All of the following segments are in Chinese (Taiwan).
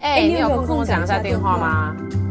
哎、欸，你有，有空跟我講一下電話嗎？欸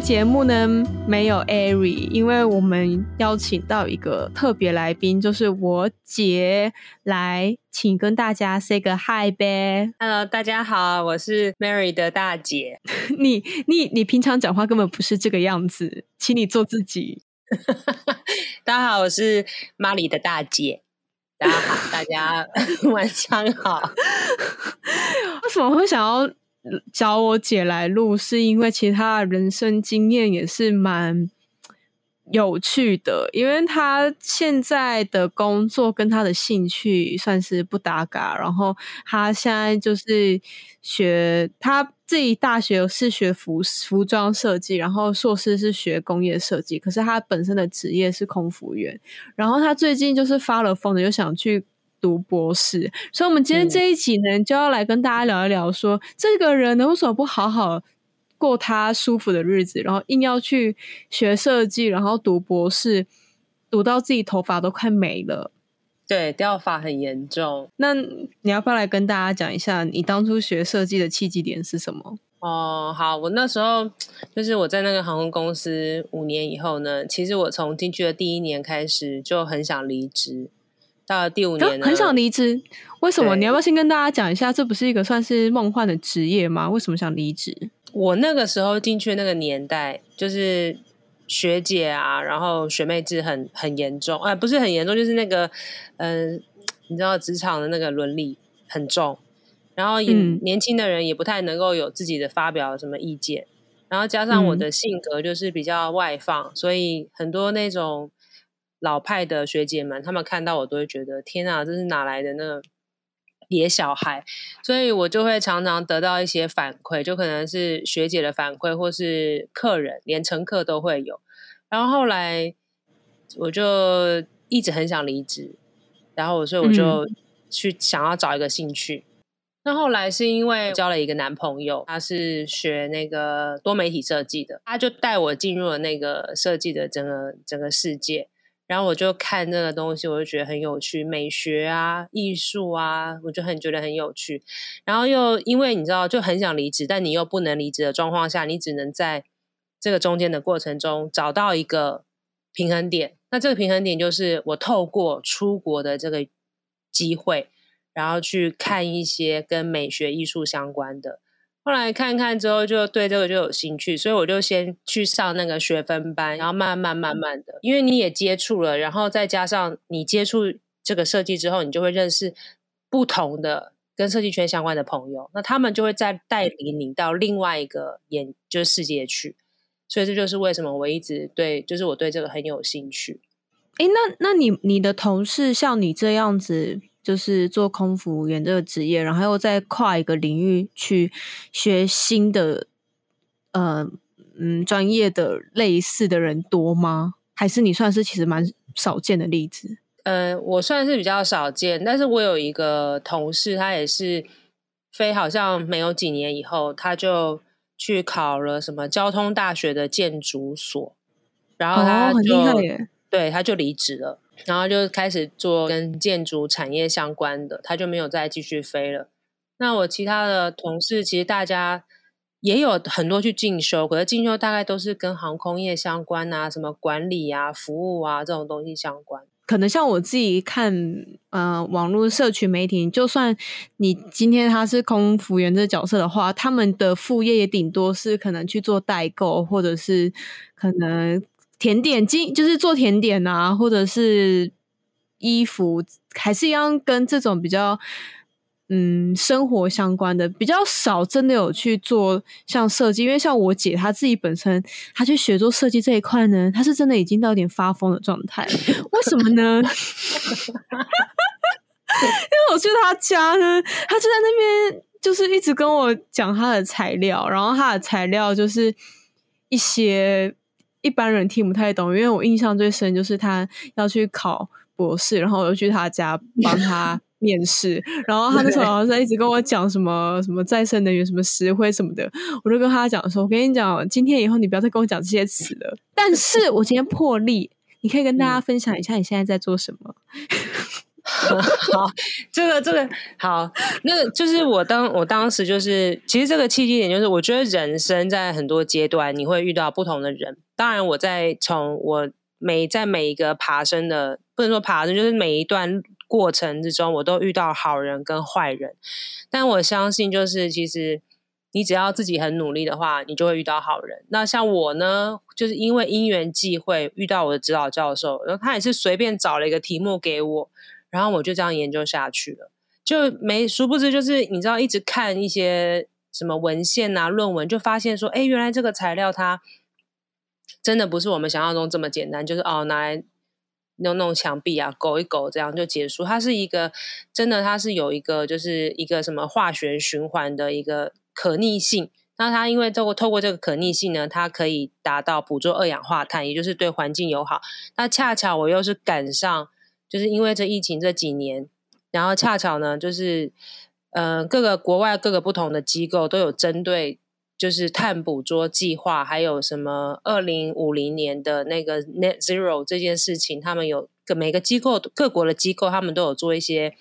節目呢，沒有艾瑞，因為我們邀請到一個特別來賓，就是我姐來，請跟大家 say 個嗨唄。Hello，大家好，我是 Mary 的大姐。 你你你平常講話根本不是這個樣子，請你做自己。 大家好，我是 Mary 的大姐。大家好， 大家晚上好。 為什麼會想要？找我姐來錄，是因為其他人生經驗也是蠻有趣的，因為他現在的工作跟他的興趣算是不搭嘎。然後他現在就是學，他自己大學是學服服裝設計，然後碩士是學工業設計，可是他本身的職業是空服員。然後他最近就是發了瘋的，又想去。讀博士，所以，我們今天這一集呢，嗯，就要來跟大家聊一聊說，說這個人呢，為什麼不好好過他舒服的日子，然後硬要去學設計，然後讀博士，讀到自己頭髮都快沒了，對，掉髮很嚴重。那你要不要來跟大家講一下，你當初學設計的契機點是什麼？哦，好，我那時候就是我在那個航空公司五年以後呢，其實我從進去的第一年開始就很想離職。到了第五年了，很想離職。為什麼？對你要不要先跟大家講一下？這不是一個算是夢幻的職業嗎？為什麼想離職？我那個時候進去的那個年代，就是學姐啊，然後學妹制很很嚴重。哎，不是很嚴重，就是那個，嗯、呃，你知道職場的那個倫理很重，然後也、嗯、年輕的人也不太能夠有自己的發表什麼意見。然後加上我的性格就是比較外放，嗯、所以很多那種。老派的學姐們，他們看到我都會覺得天啊，這是哪來的那個野小孩？所以我就會常常得到一些反饋，就可能是學姐的反饋，或是客人，連乘客都會有。然後後來我就一直很想離職，然後所以我就去想要找一個興趣。嗯、那後來是因為交了一個男朋友，他是學那個多媒體設計的，他就帶我進入了那個設計的整個整個世界。然後我就看那個東西，我就覺得很有趣，美學啊、藝術啊，我就很覺得很有趣。然後又因為你知道，就很想離職，但你又不能離職的狀況下，你只能在這個中間的過程中找到一個平衡點。那這個平衡點就是我透過出國的這個機會，然後去看一些跟美學、藝術相關的。後來看看之後，就對這個就有興趣，所以我就先去上那個學分班，然後慢慢慢慢的，因為你也接觸了，然後再加上你接觸這個設計之後，你就會認識不同的跟設計圈相關的朋友，那他們就會再帶領你到另外一個眼就是世界去，所以這就是為什麼我一直對，就是我對這個很有興趣。誒，那，那你，你的同事像你這樣子？就是做空服務員這個職業，然後又再跨一個領域去學新的，呃嗯專業的類似的人多嗎？還是你算是其實蠻少見的例子？呃，我算是比較少見，但是我有一個同事，他也是飛，好像沒有幾年以後，他就去考了什麼交通大學的建築所，然後他就、哦、對，他就離職了。然後就開始做跟建築產業相關的，他就沒有再繼續飛了。那我其他的同事，其實大家也有很多去進修，可是進修大概都是跟航空業相關啊，什麼管理啊、服務啊這種東西相關。可能像我自己看，嗯、呃，網絡社群媒體，就算你今天他是空服員這角色的話，他們的副業也頂多是可能去做代購，或者是可能。甜點，進就是做甜點啊，或者是衣服，還是一樣跟這種比較嗯生活相關的比較少，真的有去做像設計，因為像我姐她自己本身，她去學做設計這一塊呢，她是真的已經到點發瘋的狀態，為什麼呢？ 對 因為我去她家呢，她就在那邊就是一直跟我講她的材料，然後她的材料就是一些。一般人聽不太懂，因為我印象最深就是他要去考博士，然後我就去他家幫他面試， 然後他那時候在一直跟我講什麼什麼再生能源、什麼石灰什麼的，我就跟他講說：“我跟你講，今天以後你不要再跟我講這些詞了。” 但是我今天破例，你可以跟大家分享一下你現在在做什麼。 嗯、好，這個這個好，那就是我當我當時就是，其實這個契機點就是，我覺得人生在很多階段你會遇到不同的人。當然，我在從我每在每一個爬升的，不能說爬升，就是每一段過程之中，我都遇到好人跟壞人。但我相信，就是其實你只要自己很努力的話，你就會遇到好人。那像我呢，就是因為因緣際會遇到我的指導教授，然後他也是隨便找了一個題目給我。然後我就這樣研究下去了，就沒殊不知就是你知道一直看一些什麼文獻啊、論文，就發現說，哎，原來這個材料它真的不是我們想象中這麼簡單，就是哦拿來弄弄牆壁啊，搞一搞這樣就結束。它是一個真的，它是有一個就是一個什麼化學循環的一個可逆性。那它因為透過透過這個可逆性呢，它可以達到捕捉二氧化碳，也就是對環境友好。那恰巧我又是趕上。就是因為這疫情這幾年，然後恰巧呢，就是，呃，各個國外各個不同的機構都有針對，就是碳捕捉計劃，還有什麼二零五零年的那個 net zero 這件事情，他們有各每個機構各國的機構，他們都有做一些，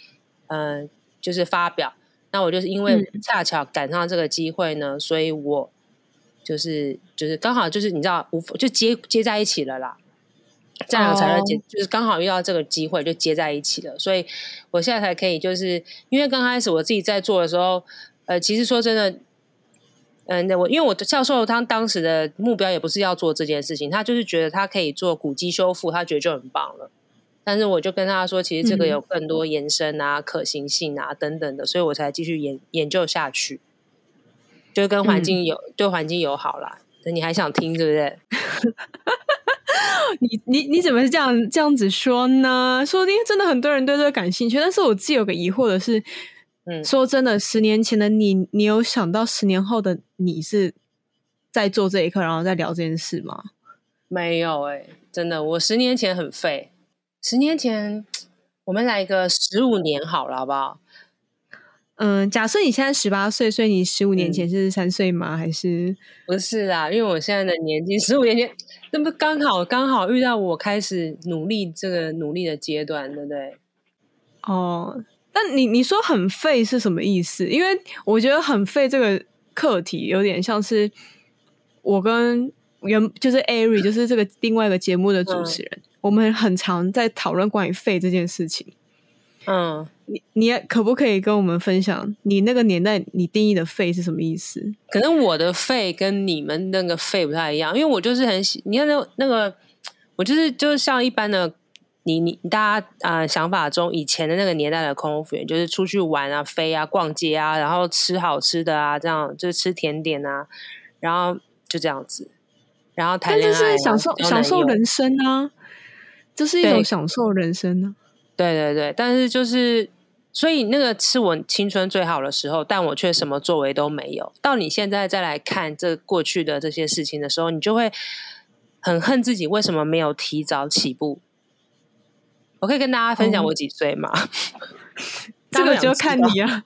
嗯、呃，就是發表。那我就是因為恰巧趕上這個機會呢，嗯、所以我就是就是剛好就是你知道，無，就接接在一起了啦。這樣才能接，就是剛好遇到這個機會就接在一起了，oh. 所以我現在才可以，就是因為剛開始我自己在做的時候，呃，其實說真的，嗯，那我因為我的教授他當時的目標也不是要做這件事情，他就是覺得他可以做古蹟修復，他覺得就很棒了。但是我就跟他說，其實這個有更多延伸啊、嗯、可行性啊等等的，所以我才繼續研研究下去，就跟環境友，嗯、對環境友好啦，你還想聽是是，對不對？ 你你你怎麼是這樣這樣子說呢？說因為真的很多人對這個感興趣，但是我自己有個疑惑的是，嗯，說真的，十年前的你，你有想到十年後的你是在做這一刻，然後在聊這件事嗎？沒有哎、欸，真的，我十年前很廢。十年前，我們來一個十五年好了，好不好？嗯，假設你現在十八歲，所以你十五年前是三歲嗎？嗯、還是不是啦？因為我現在的年紀，十五年前。 那不剛好剛好遇到我開始努力這個努力的階段，對不對？哦，但你你說很廢是什麼意思？因為我覺得很廢這個課題，有點像是我跟原就是 Ari，就是這個另外一個節目的主持人，嗯、我們很常在討論關於廢這件事情。嗯。你你也可不可以跟我們分享你那個年代你定義的“廢”是什麼意思？可能我的“廢”跟你們那個“廢”不太一樣，因為我就是很喜你看那那個，我就是就是像一般的你你，你大家啊、呃、想法中以前的那個年代的空服員就是出去玩啊、飛啊、逛街啊，然後吃好吃的啊，這樣就是吃甜點啊，然後就這樣子，然後談戀愛、啊，但是享受、啊、享受人生啊，這是一種享受人生呢、啊。對對對，但是就是，所以那個是我青春最好的時候，但我卻什麼作為都沒有。到你現在再來看這過去的這些事情的時候，你就會很恨自己為什麼沒有提早起步。我可以跟大家分享我幾歲嗎？嗯、 這個就看你啊，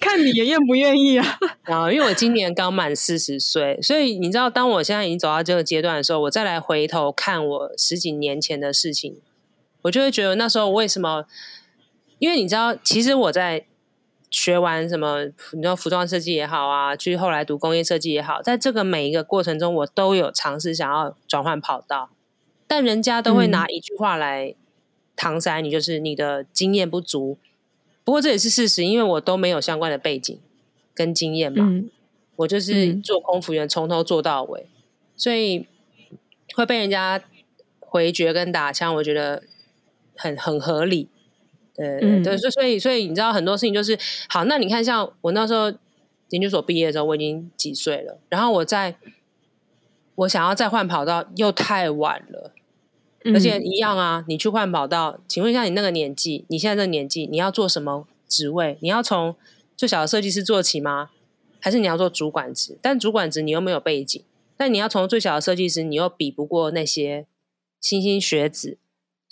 看你也願不願意啊。啊， 因為我今年剛滿四十歲，所以你知道，當我現在已經走到這個階段的時候，我再來回頭看我十幾年前的事情。我就會覺得那時候為什麼？因為你知道，其實我在學完什麼，你知道服裝設計也好啊，去後來讀工業設計也好，在這個每一個過程中，我都有嘗試想要轉換跑道，但人家都會拿一句話來搪塞你，就是你的經驗不足。不過這也是事實，因為我都沒有相關的背景跟經驗嘛。我就是做空服員，從頭做到尾，所以會被人家回絕跟打槍。我覺得。很很合理，對對、對、對，嗯、所以所以你知道很多事情就是好。那你看像我那時候研究所畢業的時候，我已經幾歲了，然後我在我想要再換跑道又太晚了，嗯、而且一樣啊。你去換跑道，請問一下你那個年紀，你現在這個年紀，你要做什麼職位？你要從最小的設計師做起嗎？還是你要做主管職？但主管職你又沒有背景，但你要從最小的設計師，你又比不過那些莘莘學子。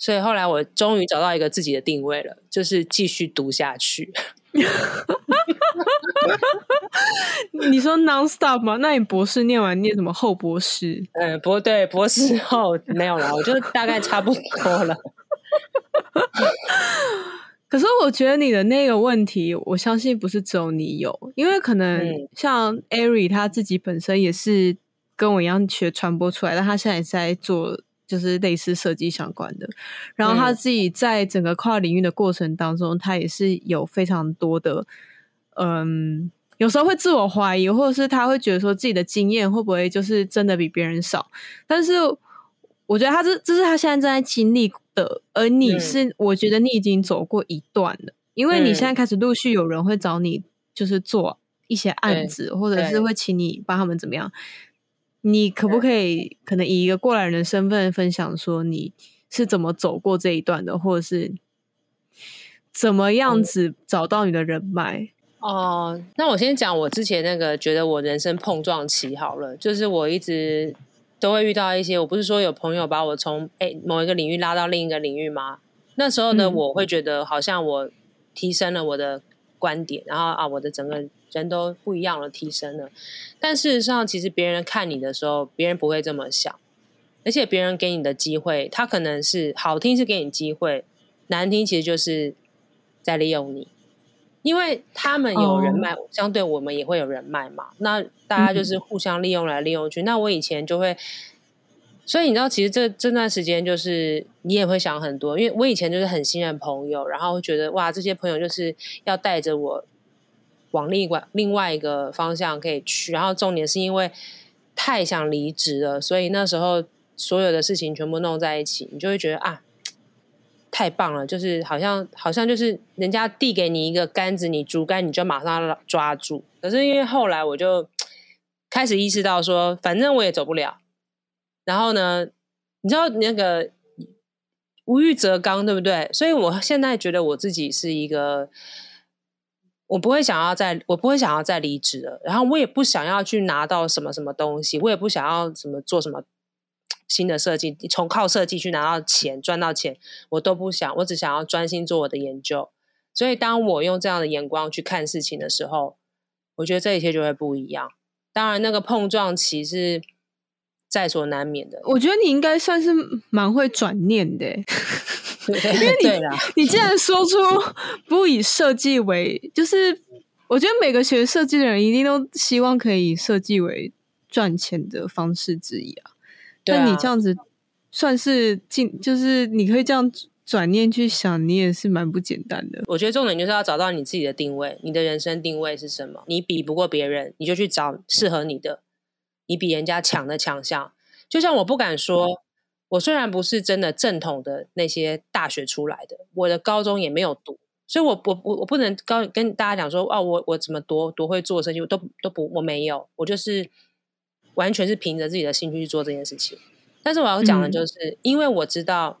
所以後來我終於找到一個自己的定位了，就是繼續讀下去。 你說 non stop 嗎？那你博士念完念什麼後博士？嗯、欸，不對，博士後沒有了，我就大概差不多了。 可是我覺得你的那個問題，我相信不是只有你有，因為可能像 Ari 他自己本身也是跟我一樣學傳播出來，但他現在也在做。就是類似設計相關的，然後他自己在整個跨領域的過程當中，他也是有非常多的，嗯，有時候會自我懷疑，或者是他會覺得說自己的經驗會不會就是真的比別人少。但是我覺得他這這是他現在正在經歷的，而你是，我覺得你已經走過一段了，因為你現在開始陸續有人會找你，就是做一些案子，或者是會請你幫他們怎麼樣。你可不可以可能以一個過來人的身份分享，說你是怎麼走過這一段的，或者是怎麼樣子找到你的人脈？哦、嗯，uh, 那我先講我之前那個覺得我人生碰撞期好了，就是我一直都會遇到一些，我不是說有朋友把我從誒、欸、某一個領域拉到另一個領域嗎？那時候呢，我會覺得好像我提升了我的觀點，然後啊，我的整個人都不一樣了，提升了。但事實上，其實別人看你的時候，別人不會這麼想，而且別人給你的機會，他可能是好聽是給你機會，難聽其實就是在利用你，因為他們有人脈，Oh. 相對我們也會有人脈嘛。那大家就是互相利用來利用去。Mm-hmm. 那我以前就會。所以你知道，其實這這段時間就是你也會想很多。因為我以前就是很信任朋友，然後覺得哇，這些朋友就是要帶着我往另一個另外一個方向可以去。然後重點是因為太想離職了，所以那時候所有的事情全部弄在一起，你就會覺得啊，太棒了，就是好像好像就是人家遞給你一個桿子，你竹竿你就馬上抓住。可是因為後來我就開始意識到說，反正我也走不了。然後呢，你知道那個無欲則剛，對不對？所以我現在覺得我自己是一個，我不會想要再，我不會想要再離職了。然後我也不想要去拿到什麼什麼東西，我也不想要什麼做什麼新的設計，從靠設計去拿到錢、賺到錢，我都不想。我只想要專心做我的研究。所以，當我用這樣的眼光去看事情的時候，我覺得這一切就會不一樣。當然，那個碰撞其實在所難免的。我覺得你應該算是蠻會轉念的，對因為你對啦你既然說出不以設計為，就是我覺得每個學設計的人一定都希望可以以設計為賺錢的方式之一啊。那、啊、你這樣子算是進，就是你可以這樣轉念去想，你也是蠻不簡單的。我覺得重點就是要找到你自己的定位，你的人生定位是什麼？你比不過別人，你就去找適合你的。你比人家強的強項，就像我不敢說，嗯、我雖然不是真的正統的那些大學出來的，我的高中也沒有讀，所以我，我我我我不能高跟大家講說，哦、啊，我我怎麼多多會做生意，我都都不，我沒有，我就是完全是憑着自己的興趣去做這件事情。但是我要講的就是，嗯、因為我知道，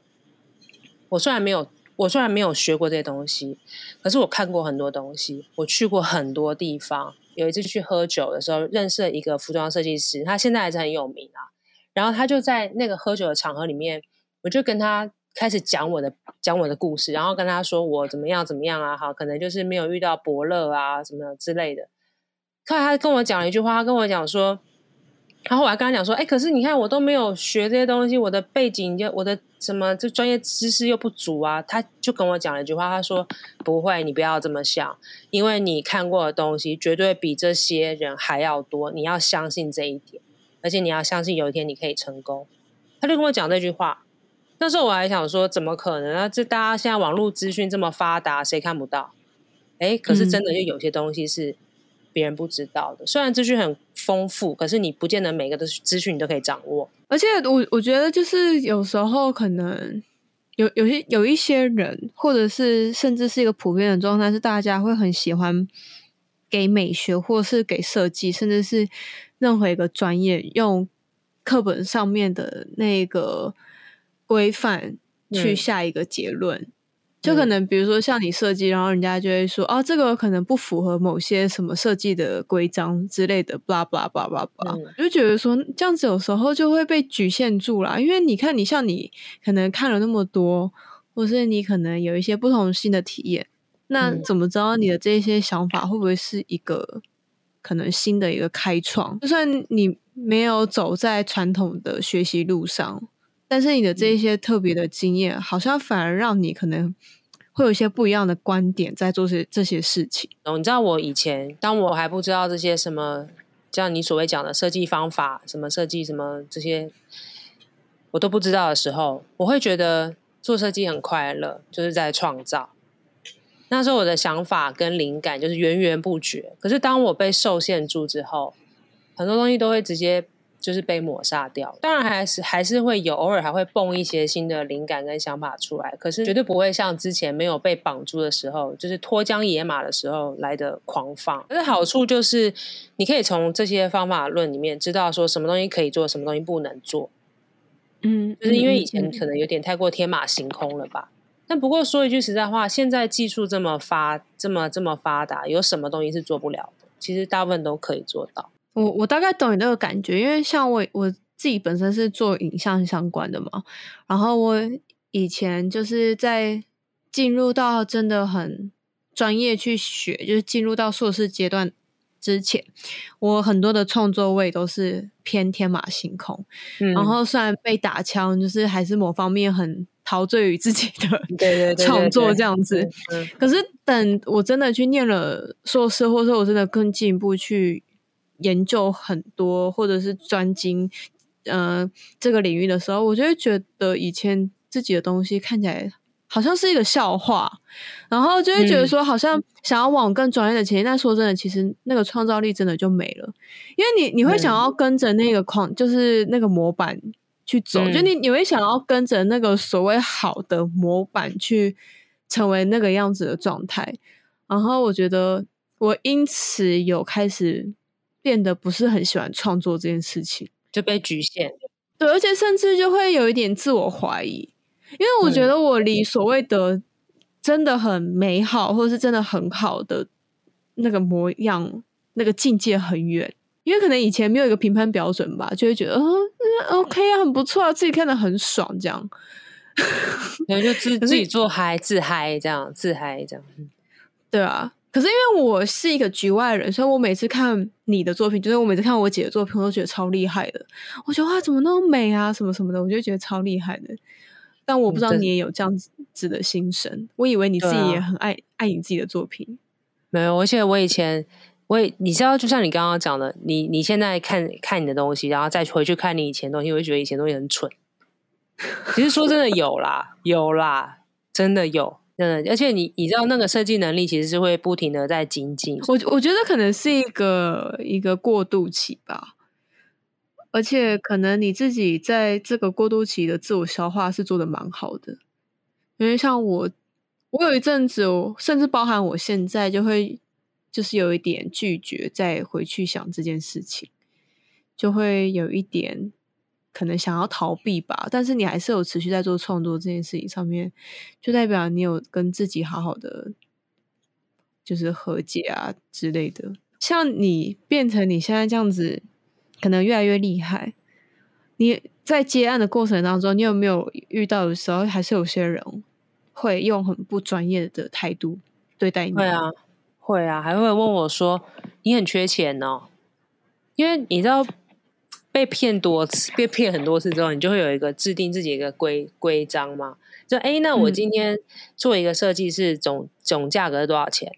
我雖然沒有，我雖然沒有學過這些東西，可是我看過很多東西，我去過很多地方。有一次去喝酒的時候，認識了一個服裝設計師，他現在還是很有名啊。然後他就在那個喝酒的場合裡面，我就跟他開始講我的講我的故事，然後跟他說我怎麼樣怎麼樣啊，哈，可能就是沒有遇到伯樂啊，什麼之類的。後來他跟我講了一句話，他跟我講說。然後我還跟他講說，哎，可是你看，我都沒有學這些東西，我的背景就我的什麼這專業知識又不足啊。他就跟我講了一句話，他說不會，你不要這麼想，因為你看過的東西絕對比這些人還要多，你要相信這一點，而且你要相信有一天你可以成功。他就跟我講這句話，那時候我還想說，怎麼可能啊？這大家現在網絡資訊這麼發達，誰看不到？哎，可是真的，就有些東西是。嗯別人不知道的，雖然資訊很豐富，可是你不見得每個的資訊，你都可以掌握。而且我我覺得，就是有時候可能有有些有一些人，或者是甚至是一個普遍的狀態，是大家會很喜歡給美學，或是給設計，甚至是任何一個專業，用課本上面的那個規範去下一個結論。嗯。就可能比如說像你設計，嗯、然後人家就會說哦，這個可能不符合某些什麼設計的規章之類的，blah blah blah blah blah、嗯、就覺得說這樣子有時候就會被局限住了。因為你看，你像你可能看了那麼多，或是你可能有一些不同性的體驗，那怎麼知道你的這些想法會不會是一個可能新的一個開創？就算你沒有走在傳統的學習路上。但是你的這一些特別的經驗，好像反而讓你可能會有一些不一樣的觀點，在做這這些事情。哦，你知道，我以前當我還不知道這些什麼，像你所謂講的設計方法、什麼設計、什麼這些，我都不知道的時候，我會覺得做設計很快樂，就是在創造。那時候我的想法跟靈感就是源源不絕。可是當我被受限住之後，很多東西都會直接。就是被抹殺掉，當然還是還是會有，偶爾還會蹦一些新的靈感跟想法出來。可是絕對不會像之前沒有被綁住的時候，就是脫韁野馬的時候來的狂放。但是好處就是，你可以從這些方法論裡面知道說什麼東西可以做，什麼東西不能做。嗯，就是因為以前可能有點太過天馬行空了吧。嗯嗯、但不過說一句實在話，現在技術這麼發這麼這麼發達，有什麼東西是做不了的？其實大部分都可以做到。我我大概懂你那個感覺，因為像我我自己本身是做影像相關的嘛，然後我以前就是在進入到真的很專業去學，就是進入到碩士階段之前，我很多的創作位都是偏天馬行空，嗯，然後雖然被打槍，就是還是某方面很陶醉於自己的創作這樣子。可是等我真的去念了碩士，或者說我真的更進一步去。研究很多，或者是專精，嗯、呃，這個領域的時候，我就會覺得以前自己的東西看起來好像是一個笑話，然後就會覺得說好像想要往更專業的前進。嗯、但說真的，其實那個創造力真的就沒了，因為你你會想要跟着那個框，嗯、就是那個模板去走，嗯、就你你會想要跟着那個所謂好的模板去成為那個樣子的狀態。然後我覺得我因此有開始。變得不是很喜歡創作這件事情，就被局限。對，而且甚至就會有一點自我懷疑，因為我覺得我離所謂的真的很美好，或者是真的很好的那個模樣，那個境界很遠。因為可能以前沒有一個評判標準吧，就會覺得嗯，OK 啊，很不錯啊，自己看得很爽，這樣。然 後就自自己做嗨，自嗨這樣，自嗨這樣，對啊。可是因為我是一個局外人，所以我每次看你的作品，就是我每次看我姐的作品，我都覺得超厲害的。我覺得哇，怎麼那麼美啊，什麼什麼的，我就覺得超厲害的。但我不知道你也有這樣子的心聲。我以為你自己也很愛、啊、愛你自己的作品。沒有，而且我以前，我也你知道，就像你剛剛講的，你你現在看看你的東西，然後再回去看你以前的東西，我就覺得以前的東西很蠢。其實說真的，有啦， 有啦，真的有。嗯，而且你你知道那個設計能力其實是會不停的在精進。我我覺得可能是一個一個過渡期吧，而且可能你自己在這個過渡期的自我消化是做的蠻好的，因為像我，我有一陣子，甚至包含我現在，就會就是有一點拒絕再回去想這件事情，就會有一點。可能想要逃避吧，但是你還是有持續在做創作這件事情上面，就代表你有跟自己好好的就是和解啊之類的。像你變成你現在這樣子，可能越來越厲害。你在接案的過程當中，你有沒有遇到的時候，還是有些人會用很不專業的態度對待你？對啊，會啊，還會問我說：“你很缺錢哦。”因為你知道。被騙多次，被騙很多次之後，你就會有一個制定自己一個規規章嘛，就誒、欸、那我今天做一個設計是總、嗯、總價格是多少錢？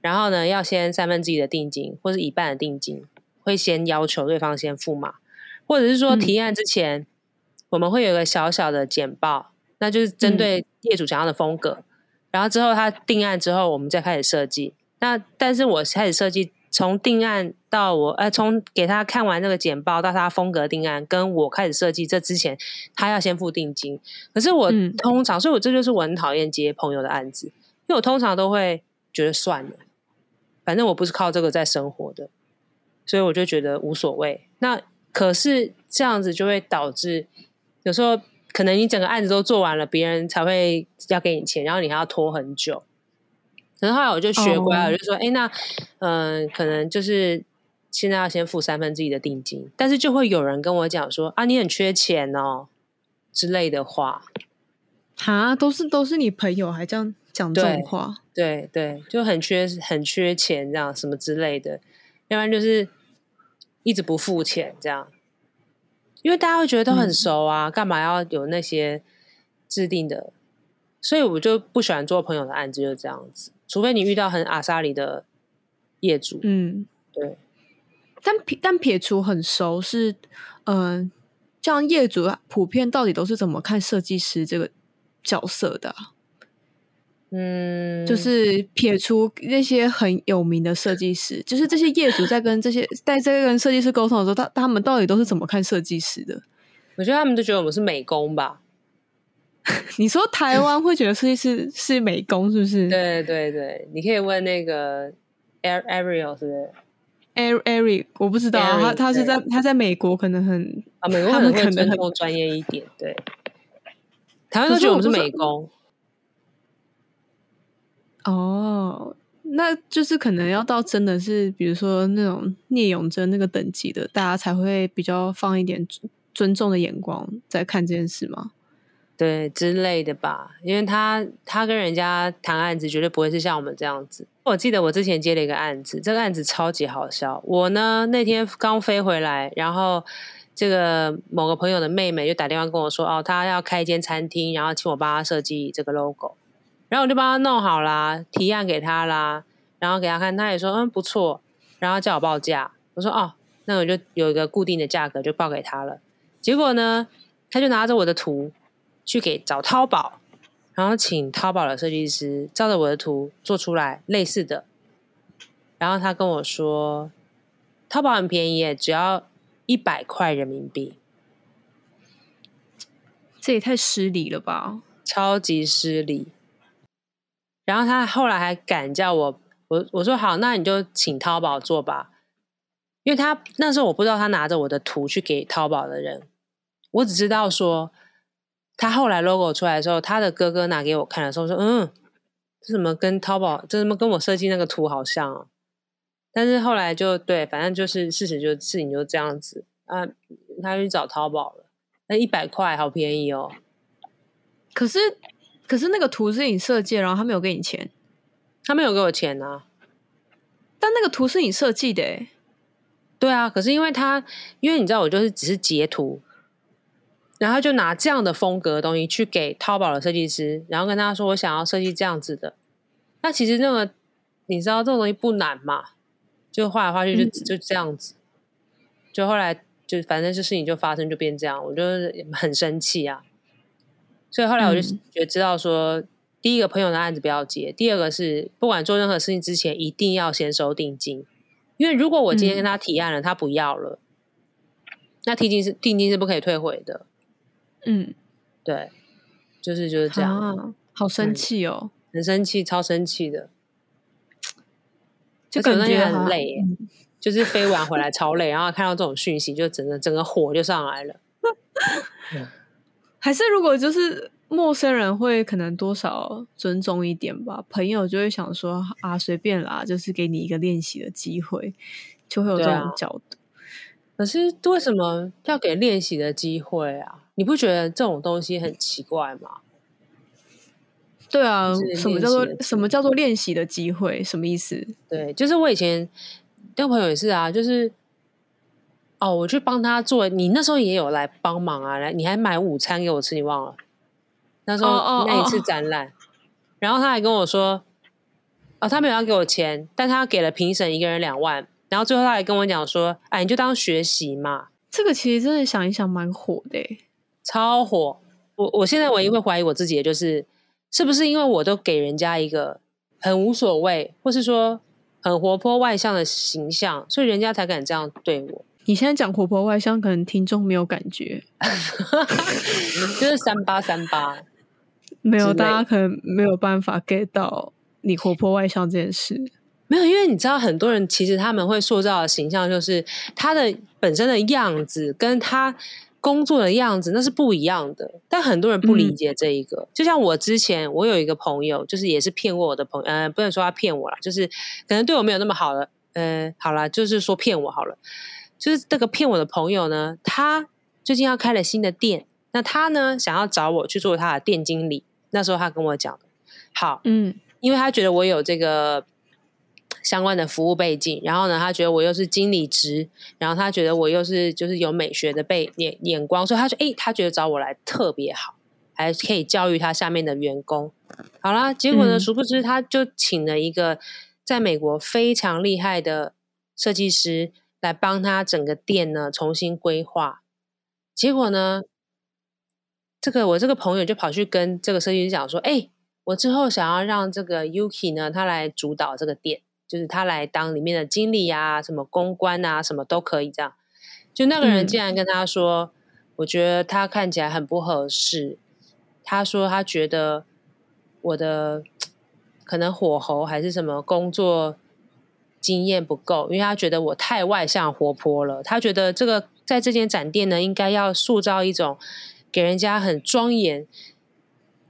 然後呢，要先三分之一的定金，或者一半的定金，會先要求對方先付嘛，或者是說提案之前，嗯、我們會有個小小的簡報，那就是針對業主想要的風格，嗯、然後之後他定案之後，我們再開始設計。那但是我開始設計。從定案到我，呃，從給他看完那個簡報到他風格定案，跟我開始設計這之前，他要先付定金。可是我通常，嗯、所以我這就是我很討厭接朋友的案子，因為我通常都會覺得算了，反正我不是靠這個在生活的，所以我就覺得無所謂。那可是這樣子就會導致，有時候可能你整個案子都做完了，別人才會要給你錢，然後你還要拖很久。可能後來我就學乖了，oh, 我就說：“哎，那，嗯、呃，可能就是現在要先付三分之一的定金，但是就會有人跟我講說：‘啊，你很缺錢哦’之類的話。哈，都是都是你朋友還這樣講這種話，對對，對，就很缺很缺錢這樣什麼之類的，要不然就是一直不付錢這樣，因為大家會覺得都很熟啊，嗯、幹嘛要有那些制定的？所以我就不喜歡做朋友的案子，就這樣子。”除非你遇到很阿薩里的業主，嗯，對。但撇但撇除很熟是，嗯、呃，像業主、啊、普遍到底都是怎麼看設計師這個角色的、啊？嗯，就是撇除那些很有名的設計師，嗯、就是這些業主在跟這些 在這個跟設計師溝通的時候，他他們到底都是怎麼看設計師的？我覺得他們都覺得我們是美工吧。 你說台灣會覺得設計師是美工，是不是？對對對，你可以問那個 Ariel 是不是？Ariel 我不知道、啊，Eric, 他他是在 Eric. 他在美國，可能很啊，美國他們可能更專業一點。對，台灣都覺得我們是美工。哦，那就是可能要到真的是，比如說那種聶永真那個等級的，大家才會比較放一點尊重的眼光在看這件事嗎？對之類的吧，因為他他跟人家談案子絕對不會是像我們這樣子。我記得我之前接了一個案子，這個案子超級好笑。我呢那天剛飛回來，然後這個某個朋友的妹妹就打電話跟我說：“哦，她要開一間餐廳，然後請我幫他設計這個 logo。”然後我就幫他弄好啦，提案給他啦，然後給他看，他也說：“嗯，不錯。”然後叫我報價，我說：“哦，那我就有一個固定的價格就報給他了。”結果呢，他就拿着我的圖。去給找淘寶，然後請淘寶的設計師照着我的圖做出來類似的。然後他跟我說，淘寶很便宜，只要一百塊人民幣。這也太失禮了吧，超級失禮。然後他後來還敢叫我，我我說好，那你就請淘寶做吧。因為他那時候我不知道他拿着我的圖去給淘寶的人，我只知道說。他後來 logo 出來的時候，他的哥哥拿給我看的時候說：“嗯，這怎麼跟淘寶，這怎麼跟我設計那個圖好像啊？”但是後來就對，反正就是事實就是事情就是這樣子啊。他去找淘寶了，那一百塊好便宜哦。可是，可是那個圖是你設計，然後他沒有給你錢，他沒有給我錢啊。但那個圖是你設計的，哎，對啊。可是因為他，因為你知道，我就是只是截圖。然後就拿這樣的風格的東西去給淘寶的設計師，然後跟他說：“我想要設計這樣子的。”那其實那個你知道這種東西不難嘛，就畫來畫去就就這樣子。嗯、就後來就反正這事情就發生就變這樣，我就很生氣啊。所以後來我就覺得知道說，嗯、第一個朋友的案子不要接，第二個是不管做任何事情之前一定要先收定金，因為如果我今天跟他提案了，他不要了，嗯、那提金是定金是不可以退回的。嗯，對，就是就是這樣，啊，好生氣哦，嗯，很生氣，超生氣的，就可能覺、啊、很累，嗯，就是飛完回來超累， 然後看到這種訊息，就整個整個火就上來了。 嗯，還是如果就是陌生人會可能多少尊重一點吧，朋友就會想說啊，隨便啦，就是給你一個練習的機會，就會有這樣角度。可是為什麼要給練習的機會啊？你不覺得這種東西很奇怪嗎？對啊，什麼叫做什麼叫做練習的機會？什麼意思？對，就是我以前跟朋友也是啊，就是哦，我去幫他做，你那時候也有來幫忙啊，來，你還買午餐給我吃，你忘了？那時候，哦哦哦，那一次展覽，然後他還跟我說，哦，他沒有要給我錢，但他給了評審一個人兩萬。然後最後他還跟我講說：“哎、啊，你就當學習嘛。”這個其實真的想一想，蠻火的，超火。我我現在唯一會懷疑我自己，就是是不是因為我都給人家一個很無所謂，或是說很活潑外向的形象，所以人家才敢這樣對我？你現在講活潑外向，可能聽眾沒有感覺， 就是三八三八，沒有，之類大家可能沒有辦法 get 到你活潑外向這件事。沒有，因為你知道，很多人其實他們會塑造的形象，就是他的本身的樣子跟他工作的樣子那是不一樣的。但很多人不理解這一個，嗯、就像我之前，我有一個朋友，就是也是騙過我的朋友。呃，不能說他騙我了，就是可能對我沒有那麼好了，嗯、呃，好了，就是說騙我好了。就是這個騙我的朋友呢，他最近要開了新的店，那他呢想要找我去做他的店經理。那時候他跟我講，好，嗯，因為他覺得我有這個。相關的服務背景，然後呢，他覺得我又是經理職，然後他覺得我又是就是有美學的背眼眼光，所以他就：“誒，他覺得找我來特別好，還可以教育他下面的員工。”好啦，結果呢，嗯、殊不知他就請了一個在美國非常厲害的設計師來幫他整個店呢重新規劃。結果呢，這個我這個朋友就跑去跟這個設計師講說：“誒，我之後想要讓這個 Yuki 呢，他來主導這個店。”就是他來當裡面的經理啊，什麼公關啊，什麼都可以這樣。就那個人竟然跟他說：“嗯、我覺得他看起來很不合適。”他說：“他覺得我的可能火候還是什麼工作經驗不夠，因為他覺得我太外向活潑了。他覺得這個在這間展店呢，應該要塑造一種給人家很莊嚴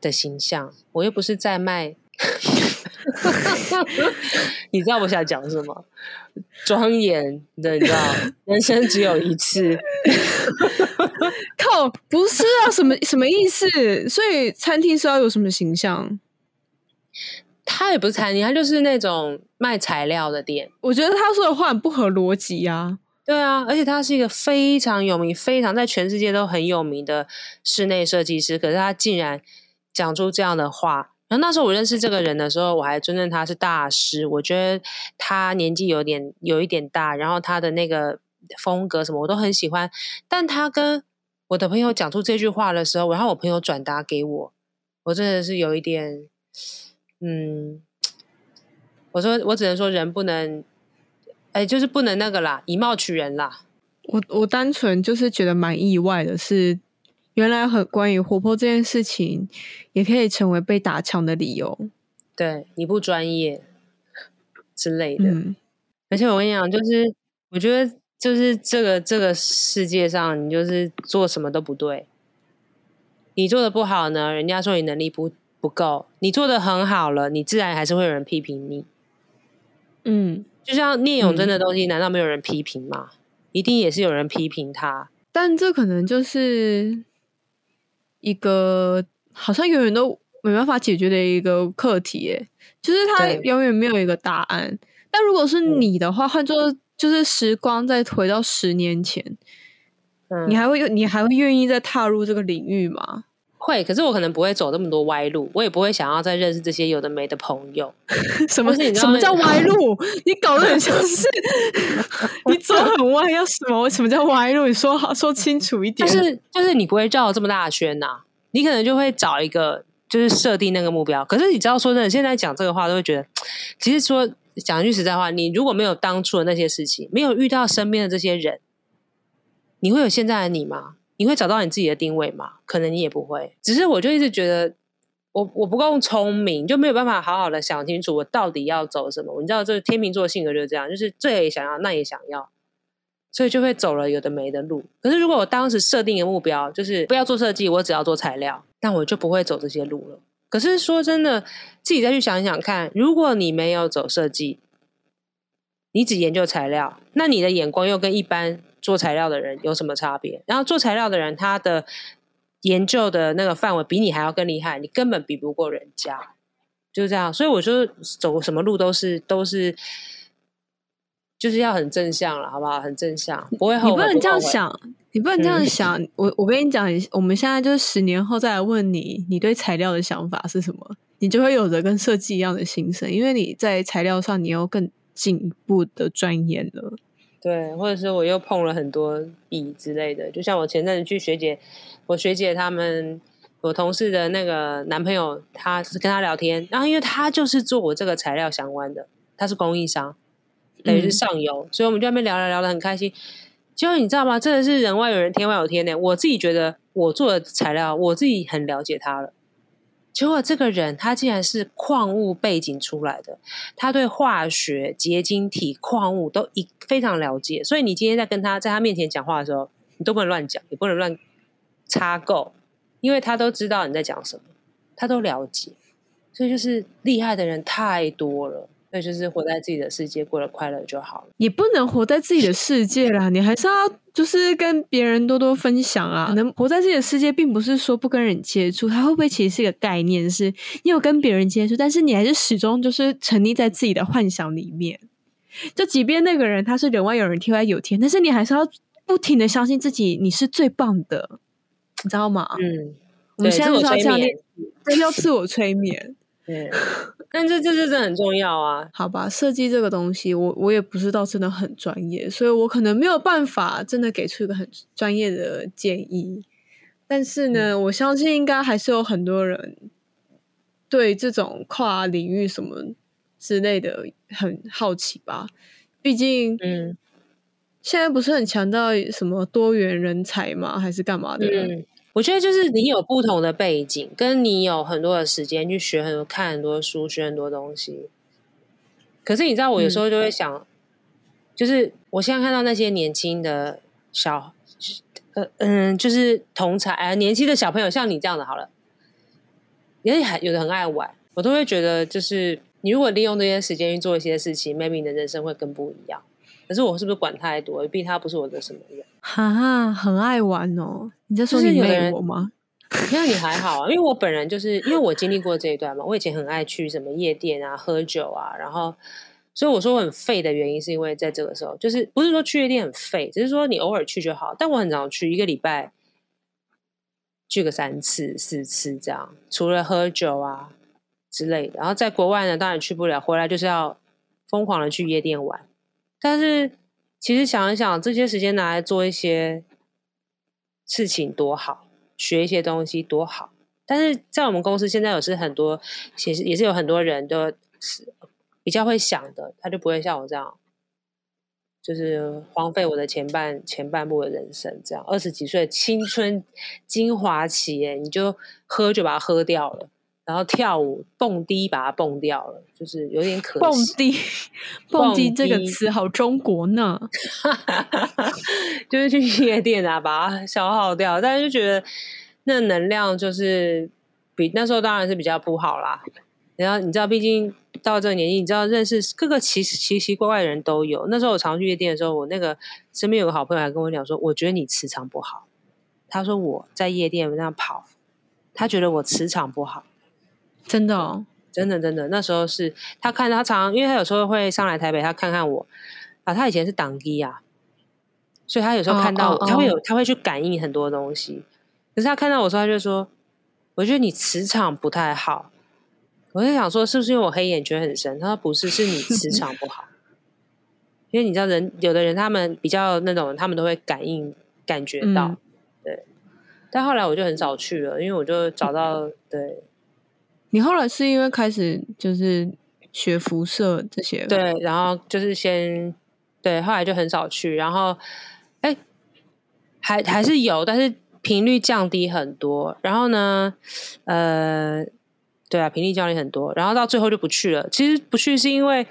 的形象。我又不是在賣。” 你知道我想講什麼？莊嚴的，你知道，人生只有一次。 靠，不是啊，什麼什麼意思？所以餐廳是要有什麼形象？他也不是餐廳，他就是那種賣材料的店。我覺得他說的話很不合邏輯啊。對啊，而且他是一個非常有名、非常在全世界都很有名的室內設計師，可是他竟然講出這樣的話。然後那時候我認識這個人的時候，我還尊稱他是大師，我覺得他年紀有點有一點大，然後他的那個風格什麼我都很喜歡。但他跟我的朋友講出這句話的時候，然後我朋友轉達給我，我真的是有一點，嗯，我說我只能說人不能，哎，就是不能那個啦，以貌取人啦。我我單純就是覺得蠻意外的，是。原來很關於活潑這件事情，也可以成為被打槍的理由，對你不專業之類的。嗯、而且我跟你講，就是我覺得，就是這個這個世界上，你就是做什麼都不對，你做的不好呢，人家說你能力不不夠；你做的很好了，你自然還是會有人批評你。嗯，就像聶永真的東西，嗯、難道沒有人批評嗎？一定也是有人批評他。但這可能就是。一個好像永遠都沒辦法解決的一個課題，哎，就是它永遠沒有一個答案。對但如果是你的話，嗯、換作就是時光再回到十年前，嗯、你還會你還會願意再踏入這個領域嗎？會，可是我可能不會走那麼多歪路，我也不會想要再認識這些有的沒的朋友。什麼道？是你剛剛什麼叫歪路？你搞得很像是 你走很歪，要什麼？什麼叫歪路？你說好說清楚一點。但是，就是你不會繞這麼大的圈吶、啊，你可能就會找一個，就是設定那個目標。可是你知道，說真的，現在講這個話都會覺得，其實說講句實在話，你如果沒有當初的那些事情，沒有遇到身邊的這些人，你會有現在的你嗎？你會找到你自己的定位嗎？可能你也不會，只是我就一直覺得我我不夠聰明，就沒有辦法好好的想清楚我到底要走什麼。你知道，這天秤座性格就是這樣，就是這也想要，那也想要，所以就會走了有的沒的路。可是如果我當時設定的目標就是不要做設計，我只要做材料，那我就不會走這些路了。可是說真的，自己再去想一想看，如果你沒有走設計，你只研究材料，那你的眼光又跟一般，做材料的人有什麼差別？然後做材料的人，他的研究的那個範圍比你還要更厲害，你根本比不過人家，就這樣。所以我就走什麼路都是都是，就是要很正向了，好不好？很正向，不會。你不能這樣想，不你不能這樣想。嗯，我我跟你講，我們現在就是十年後再來問你，你對材料的想法是什麼，你就會有着跟設計一樣的心聲，因為你在材料上你要更進一步的鑽研了。對，或者是我又碰了很多壁之類的，就像我前陣子去學姐，我學姐他們，我同事的那個男朋友，他是跟他聊天，然後因為他就是做我這個材料相關的，他是供應商，等於是上游，嗯、所以我們就那邊聊聊聊得很開心。就你知道嗎？真的是人外有人，天外有天呢。我自己覺得我做的材料，我自己很了解他了。結果這個人他竟然，是礦物背景出來的，他對化學、結晶體、礦物都一非常了解，所以你今天在跟他在他面前講話的時候，你都不能亂講，也不能亂插夠，因為他都知道你在講什麼，他都了解，所以就是厲害的人太多了。就是活在自己的世界，過得快樂就好了。也不能活在自己的世界啦，你還是要就是跟別人多多分享啊。可能活在自己的世界，並不是說不跟人接觸，他會不會其實是一個概念？是你有跟別人接觸，但是你還是始終就是沉溺在自己的幻想裡面。就即便那個人他是人外有人，天外有天，但是你還是要不停的相信自己，你是最棒的，你知道嗎？嗯，我們現在就是要這樣，要自我催眠。嗯。 但這這這很重要啊，好吧？設計這個東西我，我我也不知道，真的很專業，所以我可能沒有辦法真的給出一個很專業的建議。但是呢，嗯、我相信應該還是有很多人對這種跨領域什麼之類的很好奇吧？畢竟，嗯，現在不是很強調什麼多元人才嗎？還是幹嘛的。嗯我覺得就是你有不同的背景，跟你有很多的時間去學很多、看很多書、學很多東西。可是你知道，我有時候就會想，嗯、就是我現在看到那些年輕的小，呃，嗯，就是同儕啊、呃，年輕的小朋友，像你這樣的，好了，也有的很愛玩，我都會覺得，就是你如果利用這些時間去做一些事情，maybe 你的人生會更不一樣。可是我是不是管太多？畢竟他不是我的什麼人。哈哈、啊，很愛玩哦！你在說你美國嗎？你看你還好啊， 因為我本人就是因為我經歷過這一段嘛。我以前很愛去什麼夜店啊、喝酒啊，然後所以我說我很廢的原因，是因為在這個時候，就是不是說去夜店很廢，只是說你偶爾去就好。但我很常去，一個禮拜去個三次、四次這樣，除了喝酒啊之類的。然後在國外呢，當然去不了，回來就是要瘋狂的去夜店玩。但是其實想一想，這些時間拿來做一些事情多好，學一些東西多好。但是在我們公司現在有是很多，其實也是有很多人都是比較會想的，他就不會像我這樣，就是荒廢我的前半前半部的人生。這樣二十幾歲青春精華期耶，你就喝就把它喝掉了。然後跳舞蹦迪把它蹦掉了，就是有點可惜。蹦迪，蹦迪這個詞好中國呢， 就是去夜店啊，把它消耗掉。但是就覺得那能量就是比那時候當然是比較不好啦。然後你知道，畢竟到這個年紀，你知道認識各個奇奇奇怪怪的人都有。那時候我常，常去夜店的時候，我那個身邊有個好朋友還跟我講說，我覺得你磁場不好。他說我在夜店那樣跑，他覺得我磁場不好。真的哦，哦、嗯，真的，真的，那時候是他看他常，常，因為他有時候會上來台北，他看看我啊。他以前是檔醫啊，所以他有時候看到我，oh, oh, oh. 他會有，他會去感應很多東西。可是他看到我時候，他就說：“我覺得你磁場不太好。”我就想說，是不是因為我黑眼圈很深？他說：“不是，是你磁場不好。” 因為你知道人，人有的人他們比較那種，他們都會感應感覺到。嗯、對。但後來我就很少去了，因為我就找到、嗯、對。你後來是因為開始就是學輻射這些，對，然後就是先，對，後來就很少去，然後哎，還還是有，但是頻率降低很多。然後呢，呃，對啊，頻率降低很多，然後到最後就不去了。其實不去是因為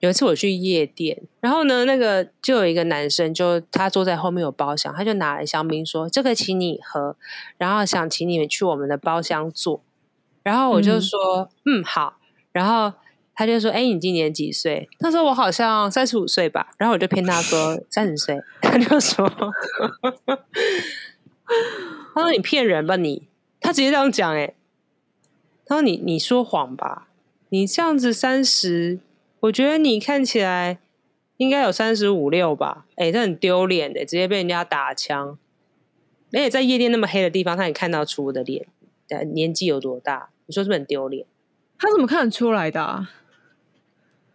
有一次我去夜店，然後呢，那個就有一個男生就，就他坐在後面有包廂，他就拿來香檳說：“這個請你喝”，然後想請你們去我們的包廂坐。然後我就說，嗯、嗯，好。然後他就說，哎，你今年幾歲？他說我好像三十五歲吧。然後我就騙他說三十歲。他就說， 他說你騙人吧，你，他直接這樣講，誒。他說你你說謊吧，你這樣子三十，我覺得你看起來應該有三十五六吧。誒，這很丟臉的，直接被人家打槍。而且在夜店那麼黑的地方，他也看到出我的臉，年紀有多大？你說是不是很丟臉，他怎麼看得出來的啊？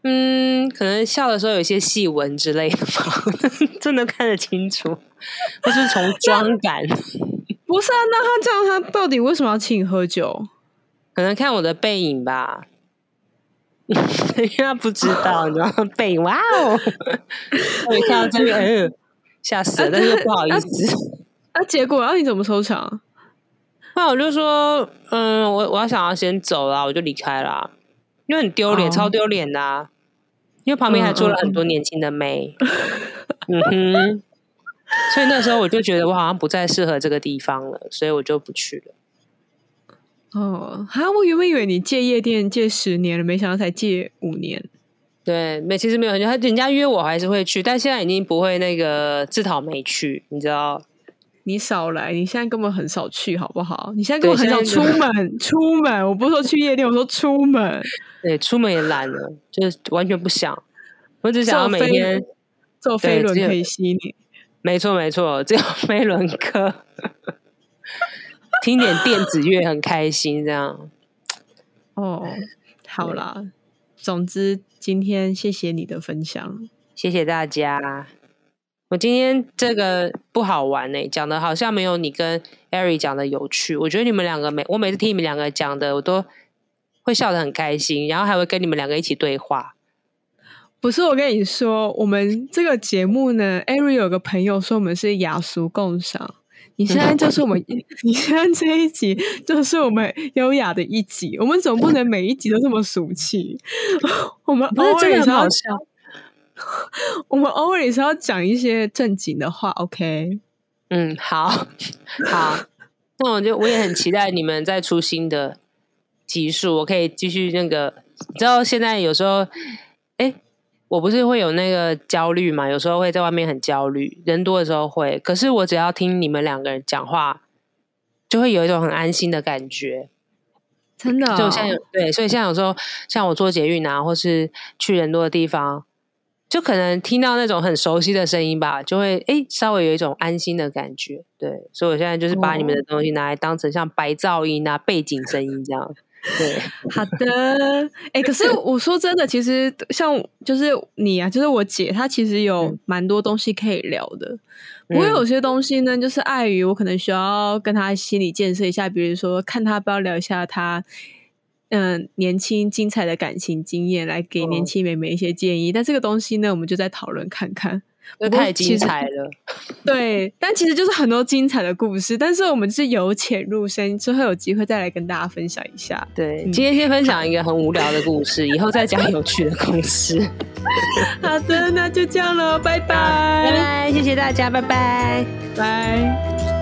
嗯，可能笑的時候有一些細紋之類的吧。 真的看得清楚，他是從妝感。 不是，啊，那他這樣，他到底為什麼要請你喝酒？可能看我的背影吧。 他不知道，你知道背影哇哦，我看到這個，嚇死了，啊、但是不好意思。那結果，然後 你怎麼收場？那我就說，嗯，我我要想要先走了，我就離開了，因為很丟臉，oh. 超丟臉的，啊，因為旁邊還坐了很多年輕的妹，嗯哼，所以那時候我就覺得我好像不再適合這個地方了，所以我就不去了。哦，哈，我原本以為你戒夜店戒十年了，沒想到才戒五年。對，沒，其實沒有很久，就他人家約我還是會去，但現在已經不會那個自討沒趣，你知道。你少來，你現在根本很少去，好不好？你現在根本很少出門，出門。我不是說去夜店，我說出門。對，出門也懶了，就是完全不想。我只想要每天坐飛輪可以吸你。沒錯，沒錯，只有飛輪哥。聽點電子樂很開心，這樣。哦，好了，總之今天謝謝你的分享，謝謝大家。我今天這個不好玩哎，欸，講的好像沒有你跟艾瑞講的有趣。我覺得你們兩個每我每次聽你們兩個講的，我都會笑得很開心，然後還會跟你們兩個一起對話。不是我跟你說，我們這個節目呢，艾瑞有個朋友說我們是雅俗共賞。你現在就是我們， 你現在這一集就是我們優雅的一集。我們總不能每一集都這麼俗氣。 是我們不是，不我這個很好笑。 我們偶爾也是要講一些正經的話，OK？嗯，好，好。 那我就我也很期待你們再出新的集數，我可以繼續那個。你知道現在有時候，哎、欸，我不是會有那個焦慮嘛？有時候會在外面很焦慮，人多的時候會。可是我只要聽你們兩個人講話，就會有一種很安心的感覺，真的、哦。就像對，所以像有時候，像我坐捷運啊，或是去人多的地方。就可能聽到那種很熟悉的聲音吧，就會誒、欸，稍微有一種安心的感覺。對，所以我現在就是把你們的東西拿來當成像白噪音啊、背景聲音這樣。對，好的。哎、欸，可是我說真的，其實像就是你啊，就是我姐，她其實有蠻多東西可以聊的。不過有些東西呢，就是礙於我可能需要跟她心理建設一下，比如說看她要不要聊一下她。嗯、呃，年輕精彩的感情經驗，來給年輕妹妹一些建議，哦、但這個東西呢，我們就再討論看看，太精彩了。對，但其實就是很多精彩的故事，但是我們是由淺入深，之後有機會再來跟大家分享一下。對，嗯、今天先分享一個很無聊的故事， 以後再講有趣的故事。 好的，那就這樣了，拜拜、啊、拜拜，謝謝大家，拜拜拜。